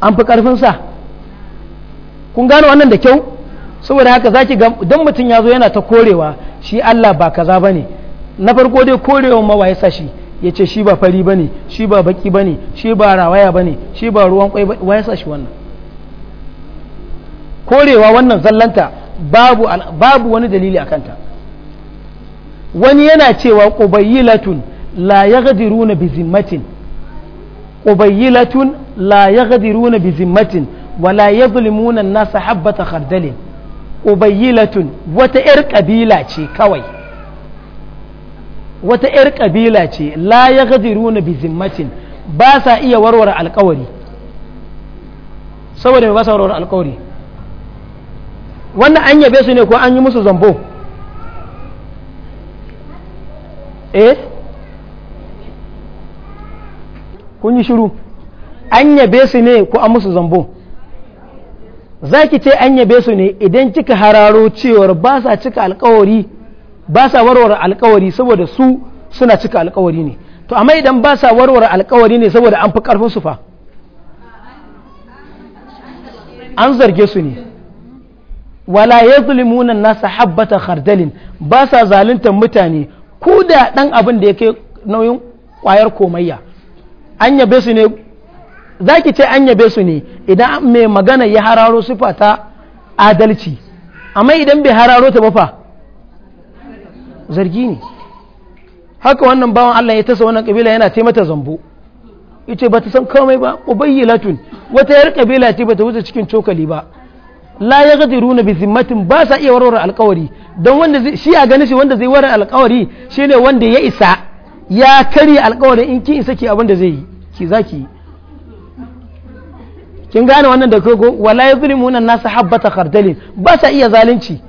an fi karfinsa kun gano wannan da kyau saboda haka zaki ga don mutum ya zo yana ta korewa shi Allah ba kaza ba ne na farko dai korewa mawa ya sa shi ya ce shi ba fari ba ne shi ba baki ba ne shi ba rawaya ba ne shi ba ruwan kwai ba ya sa shi wannan korewa wannan zallanta babu wani dalili a kanta wani yana cewa ƙubayyilatun la ya gadiruna bi zimmatin ƙubayyilatun la ya gadiruna bi zimmatin wala ya zulmunan nasa habbata kardalin ƙubayyilatun wata 'yar ƙabila ce kawai wata 'yar ƙabila ce la ya gadiruna bi zimmatin ba sa iya warware alkawari saboda ba sa warware alkawari wannan an yabe su ne ko an yi musu zambo eh kun yi shiru an yabe su ne ko an musu zambo za ki ce an yabe su ne idan kika hararo cewar ba sa cika alkawari ba sa warware alkawari saboda su suna cika alkawari ne to amma idan ba sa warware alkawari ne saboda an fi karfin su fa an zarge su ne wala yazlimuna nasa habbata khardalin ba sa zaluntar mutane ku da dan abin da yake nauyin kwayar komayya an yabe su ne zaki ce an yabe su ne idan mai magana ya hararo sifa ta adalci amma idan bai hararo ta ba fa zargi ne haka wannan bawan Allah ya tasa wannan kabila yana ce mata zambo yace ba ta san komai ba ubayyilatun wata yar kabila ce ba ta wuce cikin cokali ba la ya gadiruna bi zimmatin ba sa iya warware alkawari don wanda shi a gani shi wanda zai warware alkawari shine wanda ya isa ya karya alkawarin in ki isa ki abin da zai yi ki zaki kin gane wannan da kogo wala yuzlimuna nasa habbata khardalin ba sa iya zalunci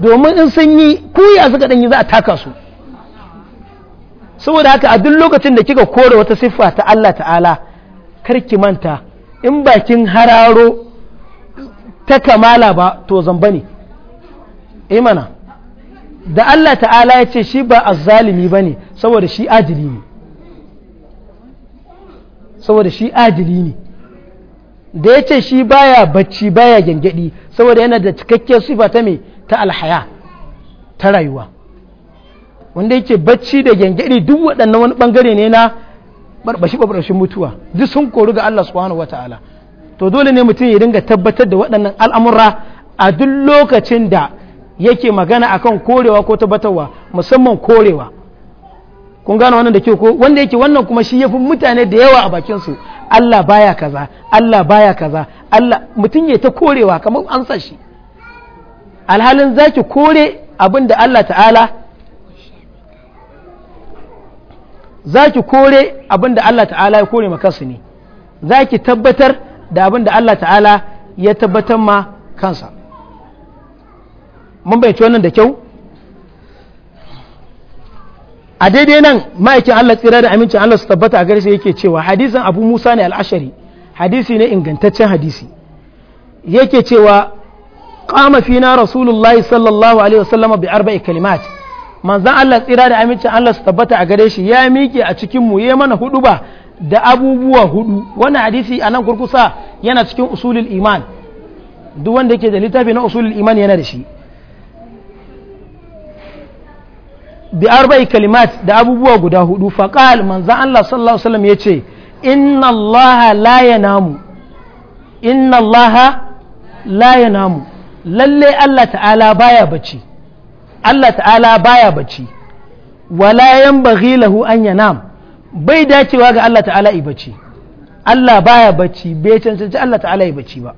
domin in sun yi kuya suka ɗanyi za a taka su saboda haka a duk lokacin da kika kore wata siffa ta Allah ta'ala karki manta in bakin hararo ta kamala ba to zamba ne imana eh da Allah ta'ala ya ce shi ba a zalimi ba ne saboda shi ajili ne saboda shi ajili ne da ya ce shi baya bacci baya gyangyaɗi saboda yana da cikakkiyar sifa ta mai ta alhaya ta rayuwa wanda yake bacci da gyangyaɗi duk waɗannan wani ɓangare ne na barbashi barbashin mutuwa duk sun koru ga Allah subhanahu ta'ala to dole ne mutum ya dinga tabbatar da waɗannan al'amurra a duk lokacin da yake magana akan korewa ko tabbatarwa musamman korewa kun gane wannan da ke ko wanda yake wannan kuma shi yafi mutane da yawa a bakin su Allah baya kaza Allah baya kaza Allah mutum ya ta korewa kamar an sa shi alhalin za ki kore abin da Allah ta'ala za ki kore abin da Allah ta'ala ya kore makansu ne za ki tabbatar da abin da Allah ta'ala ya tabbatar ma kansa mun bayyace wannan da kyau a daidai nan ma'aikin Allah tsira da amincin Allah su tabbata a garisa yake cewa hadisin abu musa ne al'ashari hadisi ne ingantaccen hadisi yake cewa qama fina rasulullahi sallallahu alaihi wasallam bi arba'i kalimat manzon Allah tsira da amincin Allah su tabbata a gare shi ya miƙe a cikin mu yayi mana hudu da abubuwa hudu wannan hadisi anan kurkusa yana cikin usulul iman duk wanda yake da littafi na usulul iman yana da shi bi arba'i kalimat da abubuwa guda hudu faqal manzon Allah sallallahu alaihi wasallam yace inna Allah la yanamu inna Allah la yanamu lalle Allah ta'ala baya bacci Allah ta'ala baya bacci wala yanbaghi lahu an yanam bai dacewa ga Allah ta'ala yi bacci Allah baya bacci bai cancanci Allah ta'ala yi bacci ba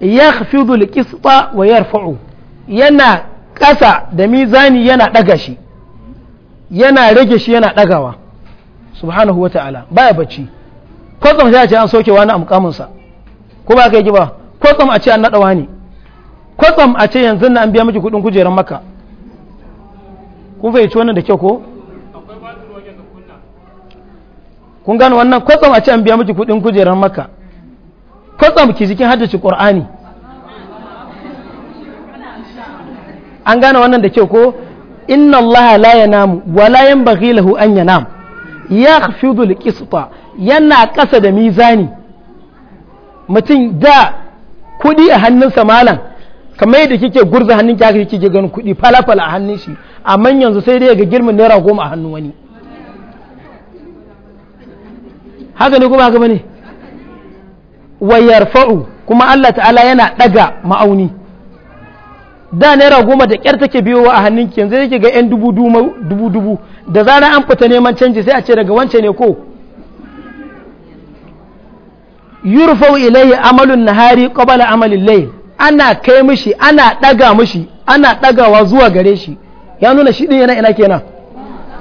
yakhfidu alqisṭa wa yarfa'u yana kasa da mizani yana ɗaga shi yana rage shi yana ɗagawa subhanahu wa ta'ala baya bacci kwatsam sai a ce an soke wani a sa ko ba ka yi ba kwatsam a ce an naɗawa ne kwatsam a ce yanzu na an biya miki kuɗin kujerar maka kun fahimci wannan da kyau ko kun gano wannan kwatsam a ce an biya miki kuɗin kujerar maka kwatsam ki jikin haddace ƙur'ani an gane wannan da kyau ko inna allaha la yanamu wa la yanbaghi lahu an yanam yakhfidu alqisṭa yana ƙasa da mizani mutum da kuɗi a hannunsa malam kamar yadda kike gurza hannun ki haka kike ganin kuɗi falafala a hannun shi amma yanzu sai dai ga girman naira goma a hannun wani haka ne kuma haka bane wayar kuma Allah ta'ala yana ɗaga ma'auni da naira goma da ƙyar take biyo a hannun ki yanzu yake ga 'yan dubu dubu da zara an fita neman canji sai a ce daga wancan ne ko yurfau ilayhi amalun nahari qabala amalin layl ana kai mishi ana daga mishi ana dagawa zuwa gare shi ya nuna shi din yana ina kenan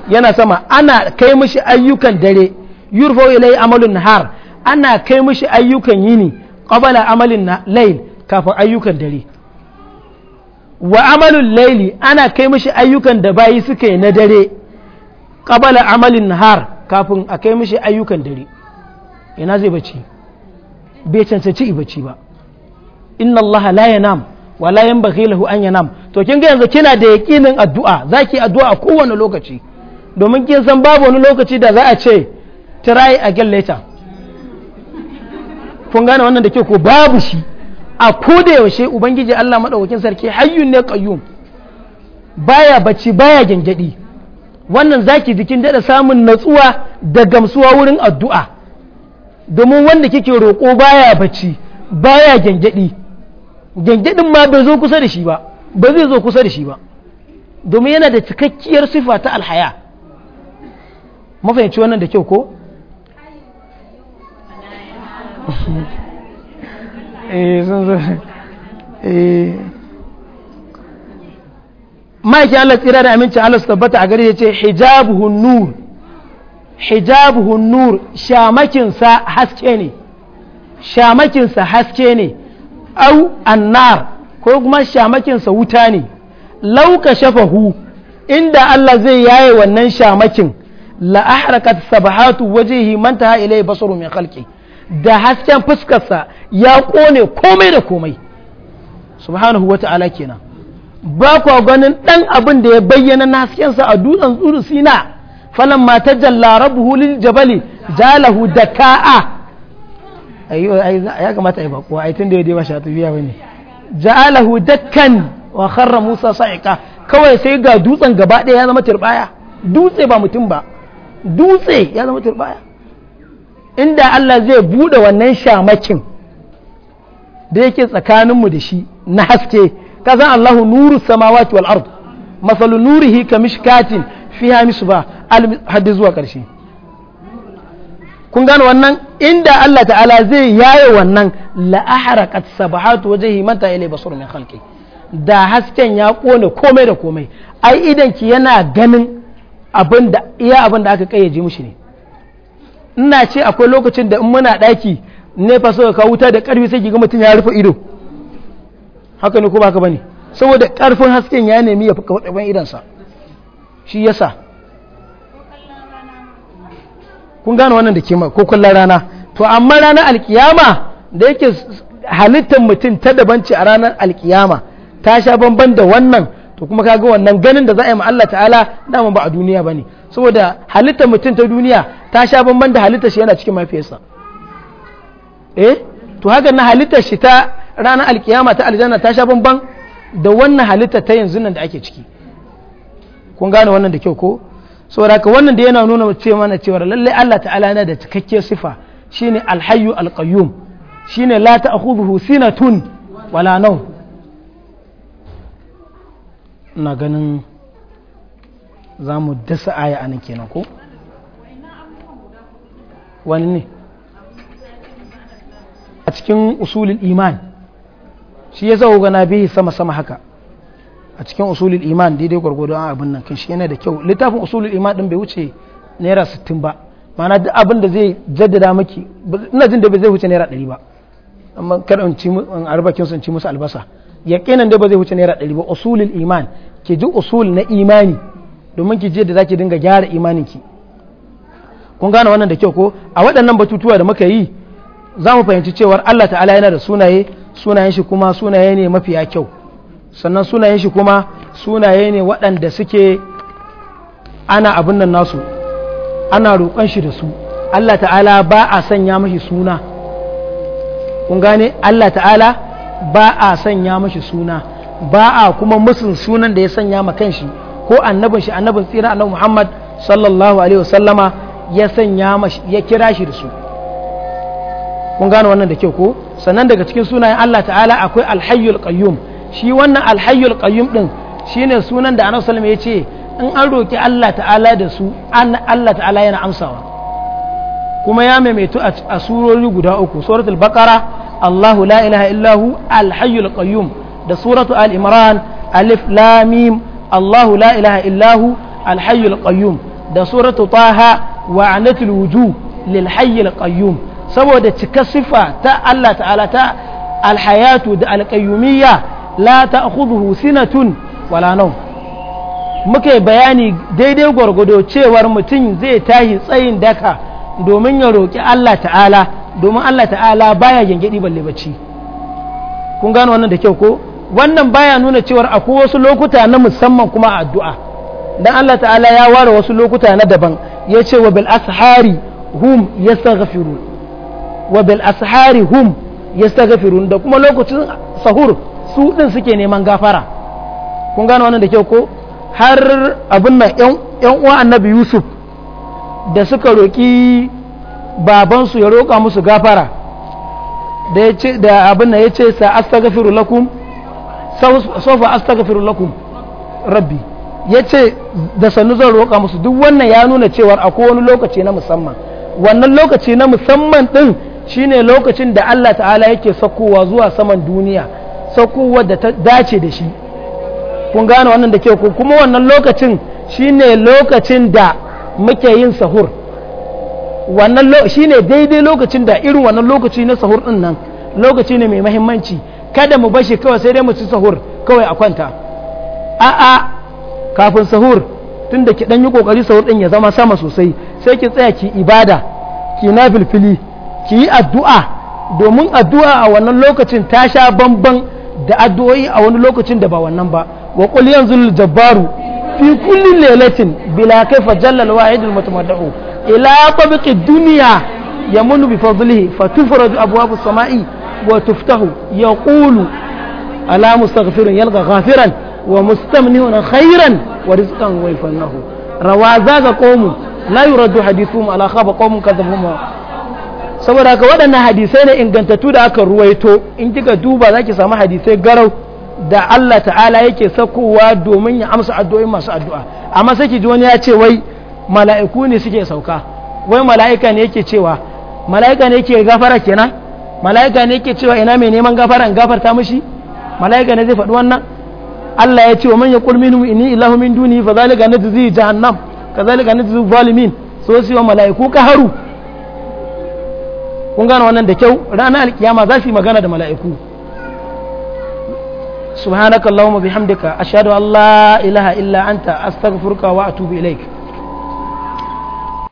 yana sama ana kai mishi ayyukan dare yurfau ilayhi amalun nahar ana kai mishi ayyukan yini qabala amalin layl kafin ayyukan dare wa amalin layli ana kai mishi ayyukan da bayi suka yi na dare qabala amalin nahar kafin a kai mishi ayyukan dare ina zai bace bai cancanci bacci ba inna Allah la yanam wa la yanbaghi lahu an yanam to kin ga yanzu kina da yakinin addu'a zaki addu'a a kowane lokaci domin kin san babu wani lokaci da za a ce try again later kun gane wannan da ke ko babu shi a da yaushe ubangiji Allah madaukakin sarki hayyun ne qayyum baya bacci baya gengedi wannan zaki jikin dada samun natsuwa da gamsuwa wurin addu'a domin wanda kike roƙo baya bacci baya gyangyaɗi gyangyaɗin ma bai zo kusa da shi ba ba zai zo kusa da shi ba domin yana da cikakkiyar sifa ta alhaya mafayanci wannan da kyau ko eh, eh. ma'aikin Allah tsira da aminci Allah su tabbata a gari ya ce hijabuhun nur hijabuhu nur shamakinsa haske ne shamakinsa haske ne au annar ko kuma shamakinsa wuta ne lauka shafahu inda Allah zai yaye wannan shamakin la'aharakat sabahatu wajehi manta ilai basaru mai halki da hasken fuskarsa ya kone komai da komai subhanahu wata'ala kenan ba kwa ganin dan abin da ya bayyana na haskensa a dutsen tsuru sina فلما تجلى ربه للجبل جاله دكاء ايوه يا كما tun كو اي تندي دي ماشي تبيا بني جاله wa kharra Musa sa'ika kawai sai ga dutsen gaba ɗaya ya zama turbaya dutse ba mutum ba dutse ya zama turbaya inda Allah zai buɗe wannan shamakin da yake tsakaninmu da shi na haske kazan Allahu nuru samawati wal ard masalu nurihi kamishkatin fi hamisu ba haddi zuwa ƙarshe kun gane wannan inda Allah ta'ala zai yaye wannan la'aharakat sabahatu waje himanta ilai basur min khalqi da hasken ya kone komai da komai ai idan yana ganin iya abin da aka kayyaje mushi ne ina ce akwai lokacin da in muna daki ne fa so ka wuta da karfi sai ki ga mutum ya rufe ido haka ne ko baka bane saboda karfin hasken ya nemi ya fi kafa idan sa shi yasa kun gane wannan da kima ko kwallon rana to amma ranar alkiyama da yake halittar mutum ta dabanci a ranar alkiyama ta sha bamban da wannan to kuma kaga wannan ganin da za a yi ma Allah ta'ala dama ba a duniya ba ne, saboda halittar mutum ta duniya ta sha bamban da halittar shi yana cikin mafiyarsa eh to haka na halittar shi ta ranar alkiyama ta aljanna ta sha bamban da wannan halittar ta yanzu nan da ake ciki kun gane wannan da kyau ko saboda haka wannan da yana nuna ce mana cewa lalle Allah ta'ala yana da cikakkiyar sifa shine alhayyu alqayyum shine la ta'khudhuhu sinatun wala nawm ina ganin za mu dasa aya anan kenan ko wani ne a cikin usulul iman shi ya zauga na sama sama haka a cikin usulul iman daidai gwargwado an abin nan kan shi yana da kyau littafin usulul iman din bai wuce naira 60 ba ma'ana duk abin da zai jaddada maki ina jin da bai zai wuce naira 100 ba amma kada in ci in arbakin sun ci musu albasa yaqinan da ba zai wuce naira 100 ba usulul iman ke ji usul na imani domin ki je da zaki dinga gyara imanin ki kun gane wannan da kyau ko a waɗannan batutuwa da muka yi za mu fahimci cewar Allah ta'ala yana da sunaye sunayen shi kuma sunaye ne mafiya kyau sannan sunayen shi kuma sunaye ne waɗanda suke ana abin nan nasu ana roƙon shi da su Allah ta'ala ba a sanya mashi suna kun gane Allah ta'ala ba a sanya mashi suna ba a kuma musun sunan da ya sanya ma kanshi ko annabin shi annabin tsira annabi Muhammad sallallahu alaihi wasallama ya sanya mashi ya kira shi da su kun gane wannan da kyau ko sannan daga cikin sunayen Allah ta'ala akwai al-hayyul qayyum shi wannan alhayyul qayyum din shine sunan da annabi sallallahu ya ce in an roki Allah ta'ala da su an Allah ta'ala yana amsawa kuma ya maimaitu a surori guda uku suratul baqara Allahu la ilaha illahu alhayyul qayyum da suratu al-imran alif lam mim Allahu la ilaha illahu alhayyul qayyum da suratu taha wa anatul wujuh lil qayyum saboda cika sifa ta Allah ta'ala ta alhayatu da alqayyumiyya la ta'khudhuhu sinatun wala nau muke bayani daidai gwargwado cewar mutum zai tahi tsayin daka domin ya roki Allah ta'ala domin Allah ta'ala baya gengedi balle bacci kun gano wannan da kyau ko wannan baya nuna cewar akwai wasu lokuta na musamman kuma a addu'a dan Allah ta'ala ya ware wasu lokuta na daban ya ce wa bil ashari hum yastaghfirun wa bil ashari hum yastaghfirun da kuma lokacin sahur su ɗin suke neman gafara kun gano wannan da kyau ko har abin nan yan uwa annabi yusuf da suka roƙi babansu ya roƙa musu gafara da ya ce da abin nan ya ce sa astaghfiru lakum sofa astaghfiru lakum rabbi ya ce da sannu zan roƙa musu duk wannan ya nuna cewar akwai wani lokaci na musamman wannan lokaci na musamman ɗin shine lokacin da Allah ta'ala yake sakowa zuwa saman duniya saukowar da ta dace da shi kun gane wannan da ke ku kuma wannan lokacin shi ne lokacin da muke yin sahur wannan ne daidai lokacin da irin wannan lokaci na sahur din nan lokaci ne mai mahimmanci kada mu bashi kawai sai dai mu ci sahur kawai a kwanta a'a kafin sahur tun da ki dan yi kokari sahur ɗin ya zama sama sosai sai ki tsaya ki ibada ki na filfili ki yi addu'a domin addu'a a wannan lokacin ta sha bambam. da addu'o'i a wani lokacin da ba wannan ba wa qul yanzul jabbaru fi kulli lailatin bila kayfa jalla al wahid mutamaddu ila tabiqi dunya yamunu bi fadlihi fatufraju abwabu samai wa tuftahu yaqulu ala mustaghfirin yalqa ghafiran wa mustamnihun khairan wa rizqan wa yafnahu rawaza qaumun la yuraddu hadithuhum ala khaba qaumun kadhabuhum saboda ka waɗannan hadisai ne ingantattu da aka ruwaito in kika duba za ki samu hadisai garau da Allah ta'ala yake sakowa domin ya amsa addu'o'in masu addu'a amma sai ki ji wani ya ce wai mala'iku ne suke sauka wai mala'ika ne yake cewa mala'ika ne yake gafara kenan mala'ika ne yake cewa ina mai neman gafara in gafarta mishi mala'ika ne zai faɗi wannan Allah ya ce wa man yaqul minhum inni ilahu min duni fa zalika najzi jahannam kazalika najzi zalimin so sai wa mala'iku ka haru. kun gane wannan da kyau ranar alkiyama za su yi magana da mala'iku subhanakallahumma bihamdika ashhadu an la ilaha illa anta astaghfiruka wa atubu ilaik